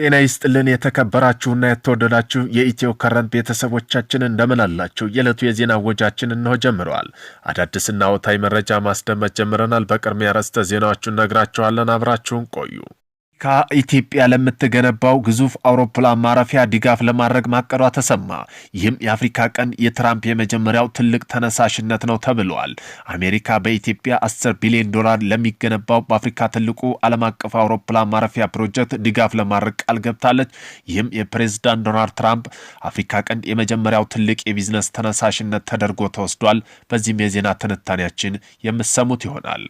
ጤና ይስጥልን የተከበራችሁና የተወደዳችሁ የኢትዮ ከረንት ቤተሰቦቻችን እንደምን አላችሁ? የዕለቱ የዜና ወጃችን እነሆ ጀምረዋል። አዳዲስና ወቅታዊ መረጃ ማስደመጥ ጀምረናል። በቅድሚያ ርዕሰ ዜናዎቹን ነግራችኋለን። አብራችሁን ቆዩ። ኢትዮጵያ ለምትገነባው ግዙፍ አውሮፕላን ማረፊያ ድጋፍ ለማድረግ ማቀዷ ተሰማ። ይህም የአፍሪካ ቀንድ የትራምፕ የመጀመሪያው ትልቅ ተነሳሽነት ነው ተብሏል። አሜሪካ በኢትዮጵያ 10 ቢሊዮን ዶላር ለሚገነባው በአፍሪካ ትልቁ ዓለም አቀፍ አውሮፕላን ማረፊያ ፕሮጀክት ድጋፍ ለማድረግ ቃል ገብታለች። ይህም የፕሬዝዳንት ዶናልድ ትራምፕ አፍሪካ ቀንድ የመጀመሪያው ትልቅ የቢዝነስ ተነሳሽነት ተደርጎ ተወስዷል። በዚህም የዜና ትንታኔያችን የምሰሙት ይሆናል።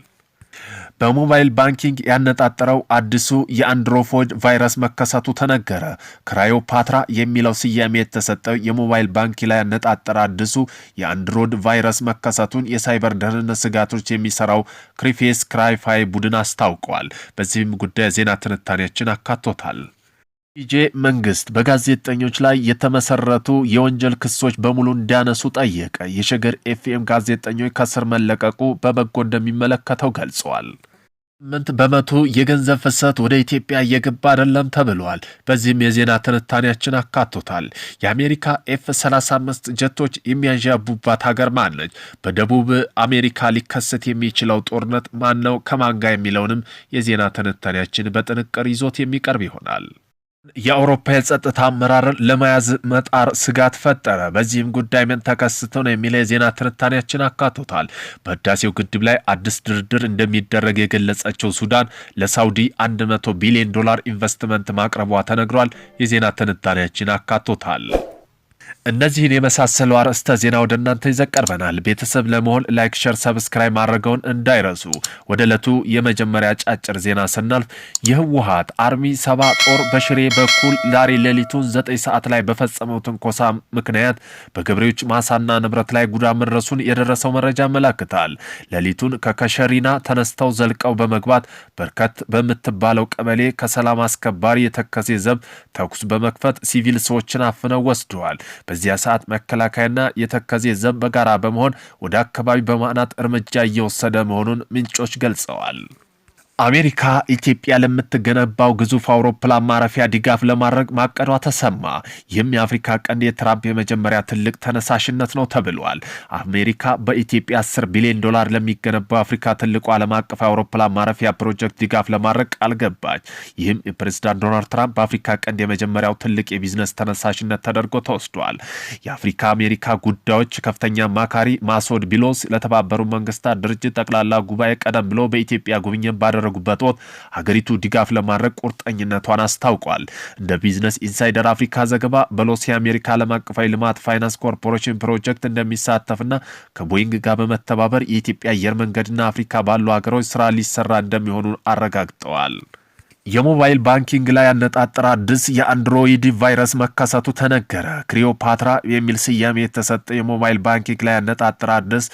በሞባይል ባንኪንግ ያነጣጠረው አዲሱ የአንድሮፎጅ ቫይረስ መከሰቱ ተነገረ። ክራዮፓትራ የሚለው ስያሜ የተሰጠው የሞባይል ባንክ ላይ ያነጣጠረ አዲሱ የአንድሮድ ቫይረስ መከሰቱን የሳይበር ደህንነት ስጋቶች የሚሰራው ክሪፌስ ክራይፋይ ቡድን አስታውቀዋል። በዚህም ጉዳይ ዜና ትንታኔያችን አካቶታል። ኢጄ መንግስት በጋዜጠኞች ላይ የተመሰረቱ የወንጀል ክሶች በሙሉ እንዲያነሱ ጠየቀ። የሸገር ኤፍኤም ጋዜጠኞች ከስር መለቀቁ በበጎ እንደሚመለከተው ገልጸዋል። ስምንት በመቶ የገንዘብ ፍሰት ወደ ኢትዮጵያ እየገባ አይደለም ተብሏል። በዚህም የዜና ትንታኔያችን አካቶታል። የአሜሪካ ኤፍ 35 ጀቶች የሚያንዣቡባት ሀገር ማን ነች? በደቡብ አሜሪካ ሊከሰት የሚችለው ጦርነት ማን ነው ከማን ጋር የሚለውንም የዜና ትንታኔያችን በጥንቅር ይዞት የሚቀርብ ይሆናል። የአውሮፓ የጸጥታ አመራር ለመያዝ መጣር ስጋት ፈጠረ። በዚህም ጉዳይ ምን ተከስተው ነው የሚለ የዜና ትንታኔያችን አካቶታል። በህዳሴው ግድብ ላይ አዲስ ድርድር እንደሚደረግ የገለጸችው ሱዳን ለሳውዲ 100 ቢሊዮን ዶላር ኢንቨስትመንት ማቅረቧ ተነግሯል። የዜና ትንታኔያችን አካቶታል። እነዚህን የመሳሰሉ አርዕስተ ዜና ወደ እናንተ ይዘን ቀርበናል። ቤተሰብ ለመሆን ላይክ፣ ሸር፣ ሰብስክራይብ ማድረገውን እንዳይረሱ። ወደ ዕለቱ የመጀመሪያ ጫጭር ዜና ስናልፍ የህወሀት አርሚ ሰባ ጦር በሽሬ በኩል ዛሬ ሌሊቱን ዘጠኝ ሰዓት ላይ በፈጸመው ትንኮሳ ምክንያት በገበሬዎች ማሳና ንብረት ላይ ጉዳ መድረሱን የደረሰው መረጃ ያመላክታል። ሌሊቱን ከከሸሪና ተነስተው ዘልቀው በመግባት በርከት በምትባለው ቀበሌ ከሰላም አስከባሪ የተከሴ ዘብ ተኩስ በመክፈት ሲቪል ሰዎችን አፍነው ወስደዋል። በዚያ ሰዓት መከላከያና የተከዜ ዘብ በጋራ በመሆን ወደ አካባቢ በማዕናት እርምጃ እየወሰደ መሆኑን ምንጮች ገልጸዋል። አሜሪካ ኢትዮጵያ ለምትገነባው ግዙፍ አውሮፕላን ማረፊያ ድጋፍ ለማድረግ ማቀዷ ተሰማ። ይህም የአፍሪካ ቀንድ የትራምፕ የመጀመሪያ ትልቅ ተነሳሽነት ነው ተብሏል። አሜሪካ በኢትዮጵያ 10 ቢሊዮን ዶላር ለሚገነባው አፍሪካ ትልቁ ዓለም አቀፍ አውሮፕላን ማረፊያ ፕሮጀክት ድጋፍ ለማድረግ ቃል ገባች። ይህም የፕሬዚዳንት ዶናልድ ትራምፕ በአፍሪካ ቀንድ የመጀመሪያው ትልቅ የቢዝነስ ተነሳሽነት ተደርጎ ተወስዷል። የአፍሪካ አሜሪካ ጉዳዮች ከፍተኛ አማካሪ ማሶድ ቢሎስ ለተባበሩ መንግስታት ድርጅት ጠቅላላ ጉባኤ ቀደም ብሎ በኢትዮጵያ ጉብኝት ባደረ ባደረጉበት ወቅት ሀገሪቱ ድጋፍ ለማድረግ ቁርጠኝነቷን አስታውቋል። እንደ ቢዝነስ ኢንሳይደር አፍሪካ ዘገባ በሎሲ የአሜሪካ ዓለም አቀፋዊ ልማት ፋይናንስ ኮርፖሬሽን ፕሮጀክት እንደሚሳተፍና ከቦይንግ ጋር በመተባበር የኢትዮጵያ አየር መንገድና አፍሪካ ባሉ ሀገሮች ስራ ሊሰራ እንደሚሆኑ አረጋግጠዋል። የሞባይል ባንኪንግ ላይ ያነጣጠረ አዲስ የአንድሮይድ ቫይረስ መከሰቱ ተነገረ። ክሊዮፓትራ የሚል ስያሜ የተሰጠ የሞባይል ባንኪንግ ላይ ያነጣጠረ አዲስ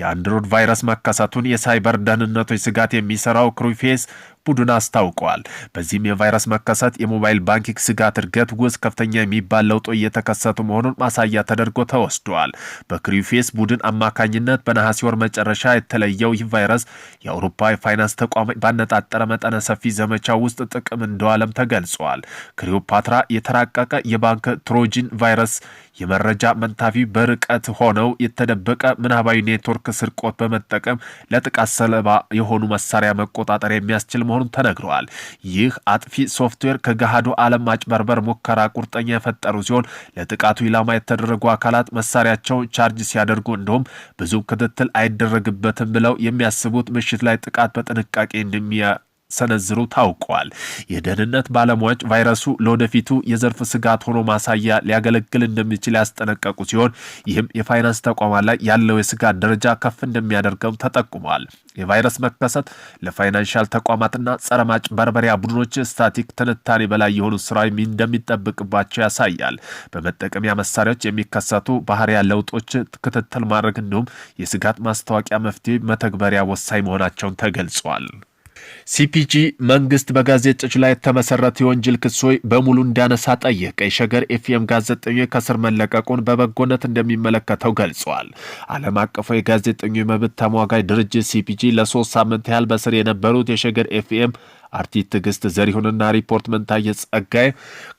የአንድሮድ ቫይረስ መከሰቱን የሳይበር ደህንነቶች ስጋት የሚሰራው ክሩፌስ ቡድን አስታውቀዋል። በዚህም የቫይረስ መከሰት የሞባይል ባንኪንግ ስጋት እድገት ውስጥ ከፍተኛ የሚባል ለውጦ እየተከሰቱ መሆኑን ማሳያ ተደርጎ ተወስደዋል። በክሪፌስ ቡድን አማካኝነት በነሐሴ ወር መጨረሻ የተለየው ይህ ቫይረስ የአውሮፓ የፋይናንስ ተቋማት ባነጣጠረ መጠነ ሰፊ ዘመቻ ውስጥ ጥቅም እንደዋለም ተገልጿል። ክሊዮፓትራ የተራቀቀ የባንክ ትሮጂን ቫይረስ የመረጃ መንታፊ በርቀት ሆነው የተደበቀ ምናባዊ ኔትወርክ ስርቆት በመጠቀም ለጥቃት ሰለባ የሆኑ መሳሪያ መቆጣጠር የሚያስችል መሆኑን ተነግረዋል። ይህ አጥፊ ሶፍትዌር ከገሃዱ ዓለም ማጭበርበር ሙከራ ቁርጠኛ የፈጠሩ ሲሆን ለጥቃቱ ኢላማ የተደረጉ አካላት መሳሪያቸውን ቻርጅ ሲያደርጉ እንዲሁም ብዙ ክትትል አይደረግበትም ብለው የሚያስቡት ምሽት ላይ ጥቃት በጥንቃቄ እንደሚያ ሰነዝሩ ታውቋል። የደህንነት ባለሙያዎች ቫይረሱ ለወደፊቱ የዘርፍ ስጋት ሆኖ ማሳያ ሊያገለግል እንደሚችል ያስጠነቀቁ ሲሆን ይህም የፋይናንስ ተቋማት ላይ ያለው የስጋት ደረጃ ከፍ እንደሚያደርገው ተጠቁሟል። የቫይረስ መከሰት ለፋይናንሻል ተቋማትና ጸረ ማጭበርበሪያ ቡድኖች ስታቲክ ትንታኔ በላይ የሆኑ ስራ እንደሚጠብቅባቸው ያሳያል። በመጠቀሚያ መሳሪያዎች የሚከሰቱ ባህሪያ ለውጦች ክትትል ማድረግ እንዲሁም የስጋት ማስታወቂያ መፍትሄ መተግበሪያ ወሳኝ መሆናቸውን ተገልጿል። ሲፒጂ መንግስት በጋዜጦች ላይ የተመሰረተ የወንጀል ክሶች በሙሉ እንዳነሳ ጠየቀ። የሸገር ኤፍኤም ጋዜጠኞች ከስር መለቀቁን በበጎነት እንደሚመለከተው ገልጿል። ዓለም አቀፉ የጋዜጠኞች መብት ተሟጋጅ ድርጅት ሲፒጂ ለሶስት ሳምንት ያህል በስር የነበሩት የሸገር ኤፍኤም አርቲስት ትዕግስት ዘሪሁንና ሪፖርት መንታየ ጸጋይ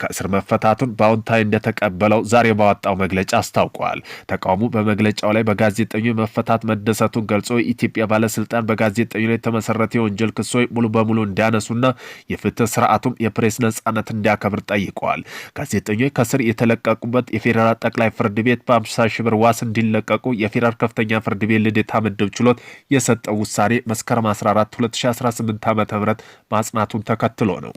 ከእስር መፈታቱን በአዎንታዊ እንደተቀበለው ዛሬ ባወጣው መግለጫ አስታውቋል። ተቃውሞ በመግለጫው ላይ በጋዜጠኞች መፈታት መደሰቱን ገልጾ የኢትዮጵያ ባለስልጣን በጋዜጠኞች ላይ የተመሰረተ የወንጀል ክሶች ሙሉ በሙሉ እንዲያነሱና የፍትህ ስርዓቱም የፕሬስ ነጻነት እንዲያከብር ጠይቀዋል። ጋዜጠኞች ከስር የተለቀቁበት የፌዴራል ጠቅላይ ፍርድ ቤት በአምሳ ሺህ ብር ዋስ እንዲለቀቁ የፌዴራል ከፍተኛ ፍርድ ቤት ልደታ ምድብ ችሎት የሰጠው ውሳኔ መስከረም 14 2018 ዓ ም ማጽናቱን ተከትሎ ነው።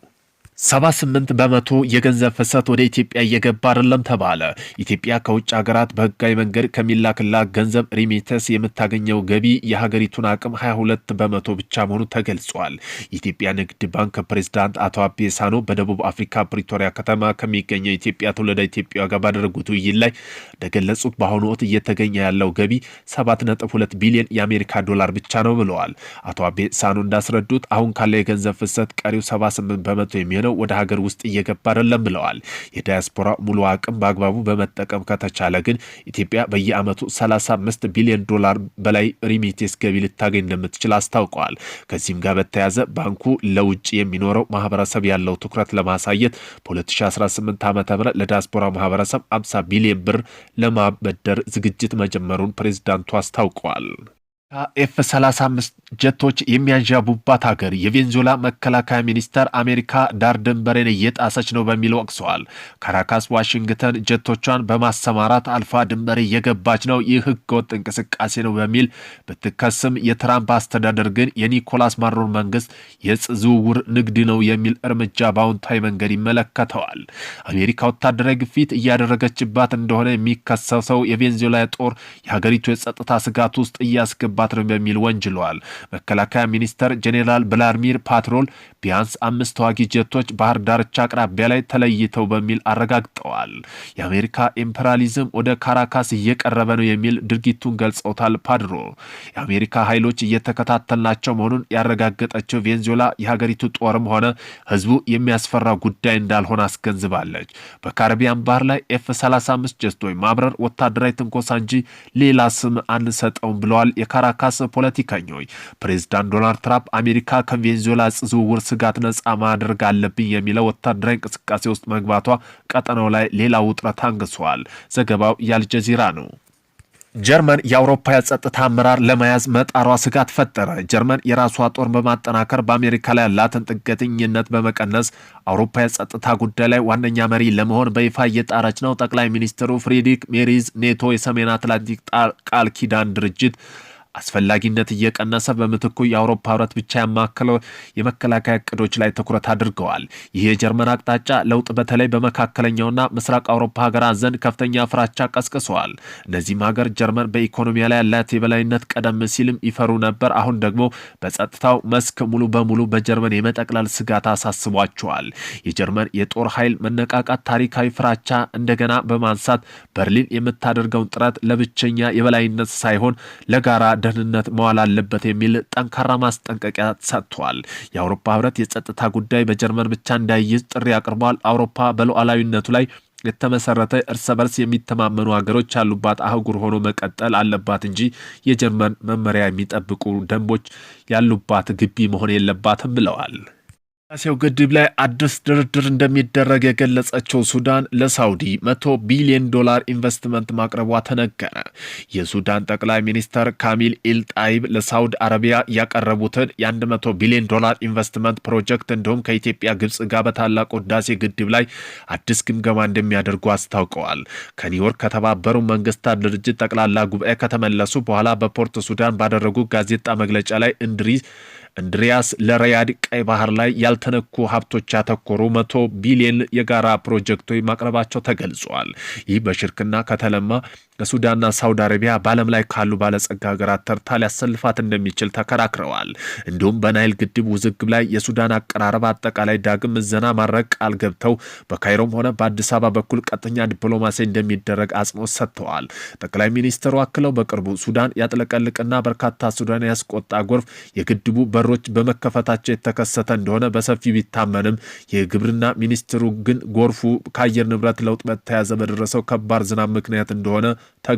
78 በመቶ የገንዘብ ፍሰት ወደ ኢትዮጵያ እየገባ አይደለም ተባለ። ኢትዮጵያ ከውጭ ሀገራት በህጋዊ መንገድ ከሚላክላት ገንዘብ ሪሚተስ የምታገኘው ገቢ የሀገሪቱን አቅም 22 በመቶ ብቻ መሆኑ ተገልጿል። የኢትዮጵያ ንግድ ባንክ ፕሬዝዳንት አቶ አቤ ሳኖ በደቡብ አፍሪካ ፕሪቶሪያ ከተማ ከሚገኘው ኢትዮጵያ ትውልደ ኢትዮጵያ ጋር ባደረጉት ውይይት ላይ እንደገለጹት በአሁኑ ወቅት እየተገኘ ያለው ገቢ 7.2 ቢሊዮን የአሜሪካ ዶላር ብቻ ነው ብለዋል። አቶ አቤ ሳኖ እንዳስረዱት አሁን ካለው የገንዘብ ፍሰት ቀሪው 78 በመቶ የሚሆነው ነው ወደ ሀገር ውስጥ እየገባ አይደለም ብለዋል። የዳያስፖራ ሙሉ አቅም በአግባቡ በመጠቀም ከተቻለ ግን ኢትዮጵያ በየዓመቱ 35 ቢሊዮን ዶላር በላይ ሪሚቴስ ገቢ ልታገኝ እንደምትችል አስታውቀዋል። ከዚህም ጋር በተያያዘ ባንኩ ለውጭ የሚኖረው ማህበረሰብ ያለው ትኩረት ለማሳየት በ2018 ዓ ም ለዲያስፖራ ማህበረሰብ 50 ቢሊዮን ብር ለማበደር ዝግጅት መጀመሩን ፕሬዚዳንቱ አስታውቀዋል። ኤፍ 35 ጀቶች የሚያንዣቡባት ሀገር የቬንዙዌላ መከላከያ ሚኒስተር አሜሪካ ዳር ድንበሬን እየጣሰች ነው በሚል ወቅሰዋል። ካራካስ ዋሽንግተን ጀቶቿን በማሰማራት አልፋ ድንበሬ እየገባች ነው፣ ይህ ህገወጥ እንቅስቃሴ ነው በሚል ብትከስም የትራምፕ አስተዳደር ግን የኒኮላስ ማሮን መንግስት የእጽ ዝውውር ንግድ ነው የሚል እርምጃ በአውንታዊ መንገድ ይመለከተዋል። አሜሪካ ወታደራዊ ግፊት እያደረገችባት እንደሆነ የሚከሰሰው የቬንዙዌላ ጦር የሀገሪቱ የጸጥታ ስጋት ውስጥ እያስገባ እየደረሰባት ነው በሚል ወንጅለዋል። መከላከያ ሚኒስተር ጄኔራል ብላድሚር ፓትሮል ቢያንስ አምስት ተዋጊ ጀቶች ባህር ዳርቻ አቅራቢያ ላይ ተለይተው በሚል አረጋግጠዋል። የአሜሪካ ኢምፔሪያሊዝም ወደ ካራካስ እየቀረበ ነው የሚል ድርጊቱን ገልጸውታል። ፓድሮ የአሜሪካ ኃይሎች እየተከታተልናቸው መሆኑን ያረጋገጠችው ቬንዙዌላ የሀገሪቱ ጦርም ሆነ ህዝቡ የሚያስፈራ ጉዳይ እንዳልሆነ አስገንዝባለች። በካሪቢያን ባህር ላይ ኤፍ 35 ጀቶች ማብረር ወታደራዊ ትንኮሳ እንጂ ሌላ ስም አንሰጠውም ብለዋል። የካራ ካራካስ ፖለቲከኞች ፕሬዚዳንት ዶናልድ ትራምፕ አሜሪካ ከቬንዙዌላ እጽ ዝውውር ስጋት ነጻ ማድረግ አለብኝ የሚለው ወታደራዊ እንቅስቃሴ ውስጥ መግባቷ ቀጠናው ላይ ሌላ ውጥረት አንግሷል። ዘገባው የአልጀዚራ ነው። ጀርመን የአውሮፓ የጸጥታ አመራር ለመያዝ መጣሯ ስጋት ፈጠረ። ጀርመን የራሷ ጦር በማጠናከር በአሜሪካ ላይ ያላትን ጥገኝነት በመቀነስ አውሮፓ የጸጥታ ጉዳይ ላይ ዋነኛ መሪ ለመሆን በይፋ እየጣረች ነው። ጠቅላይ ሚኒስትሩ ፍሪድሪክ ሜሪዝ ኔቶ የሰሜን አትላንቲክ ቃል ኪዳን ድርጅት አስፈላጊነት እየቀነሰ በምትኩ የአውሮፓ ህብረት ብቻ ያማከለው የመከላከያ እቅዶች ላይ ትኩረት አድርገዋል። ይህ የጀርመን አቅጣጫ ለውጥ በተለይ በመካከለኛውና ምስራቅ አውሮፓ ሀገራት ዘንድ ከፍተኛ ፍራቻ ቀስቅሰዋል። እነዚህም ሀገር ጀርመን በኢኮኖሚ ላይ ያላት የበላይነት ቀደም ሲልም ይፈሩ ነበር። አሁን ደግሞ በጸጥታው መስክ ሙሉ በሙሉ በጀርመን የመጠቅለል ስጋት አሳስቧቸዋል። የጀርመን የጦር ኃይል መነቃቃት ታሪካዊ ፍራቻ እንደገና በማንሳት በርሊን የምታደርገውን ጥረት ለብቸኛ የበላይነት ሳይሆን ለጋራ ደህንነት መዋል አለበት የሚል ጠንካራ ማስጠንቀቂያ ሰጥቷል። የአውሮፓ ህብረት የጸጥታ ጉዳይ በጀርመን ብቻ እንዳይይዝ ጥሪ አቅርቧል። አውሮፓ በሉዓላዊነቱ ላይ የተመሰረተ እርስ በርስ የሚተማመኑ ሀገሮች ያሉባት አህጉር ሆኖ መቀጠል አለባት እንጂ የጀርመን መመሪያ የሚጠብቁ ደንቦች ያሉባት ግቢ መሆን የለባትም ብለዋል። ህዳሴው ግድብ ላይ አዲስ ድርድር እንደሚደረግ የገለጸችው ሱዳን ለሳውዲ መቶ ቢሊዮን ዶላር ኢንቨስትመንት ማቅረቧ ተነገረ። የሱዳን ጠቅላይ ሚኒስተር ካሚል ኢልጣይብ ለሳውዲ አረቢያ ያቀረቡትን የ100 ቢሊዮን ዶላር ኢንቨስትመንት ፕሮጀክት እንዲሁም ከኢትዮጵያ ግብፅ ጋር በታላቁ ህዳሴ ግድብ ላይ አዲስ ግምገማ እንደሚያደርጉ አስታውቀዋል። ከኒውዮርክ ከተባበሩ መንግስታት ድርጅት ጠቅላላ ጉባኤ ከተመለሱ በኋላ በፖርት ሱዳን ባደረጉ ጋዜጣ መግለጫ ላይ እንድሪስ እንድሪያስ ለረያድ ቀይ ባህር ላይ ያልተነኩ ሀብቶች ያተኮሩ መቶ ቢሊየን የጋራ ፕሮጀክቶች ማቅረባቸው ተገልጿል። ይህ በሽርክና ከተለማ ሱዳንና ሳውዲ አረቢያ በዓለም ላይ ካሉ ባለጸጋ ሀገራት ተርታ ሊያሰልፋት እንደሚችል ተከራክረዋል። እንዲሁም በናይል ግድብ ውዝግብ ላይ የሱዳን አቀራረብ አጠቃላይ ዳግም ምዘና ማድረግ ቃል ገብተው በካይሮም ሆነ በአዲስ አበባ በኩል ቀጥተኛ ዲፕሎማሲ እንደሚደረግ አጽንኦት ሰጥተዋል። ጠቅላይ ሚኒስትሩ አክለው በቅርቡ ሱዳን ያጥለቀልቅና በርካታ ሱዳን ያስቆጣ ጎርፍ የግድቡ በሮች በመከፈታቸው የተከሰተ እንደሆነ በሰፊ ቢታመንም የግብርና ሚኒስትሩ ግን ጎርፉ ከአየር ንብረት ለውጥ በተያያዘ በደረሰው ከባድ ዝናብ ምክንያት እንደሆነ 他跟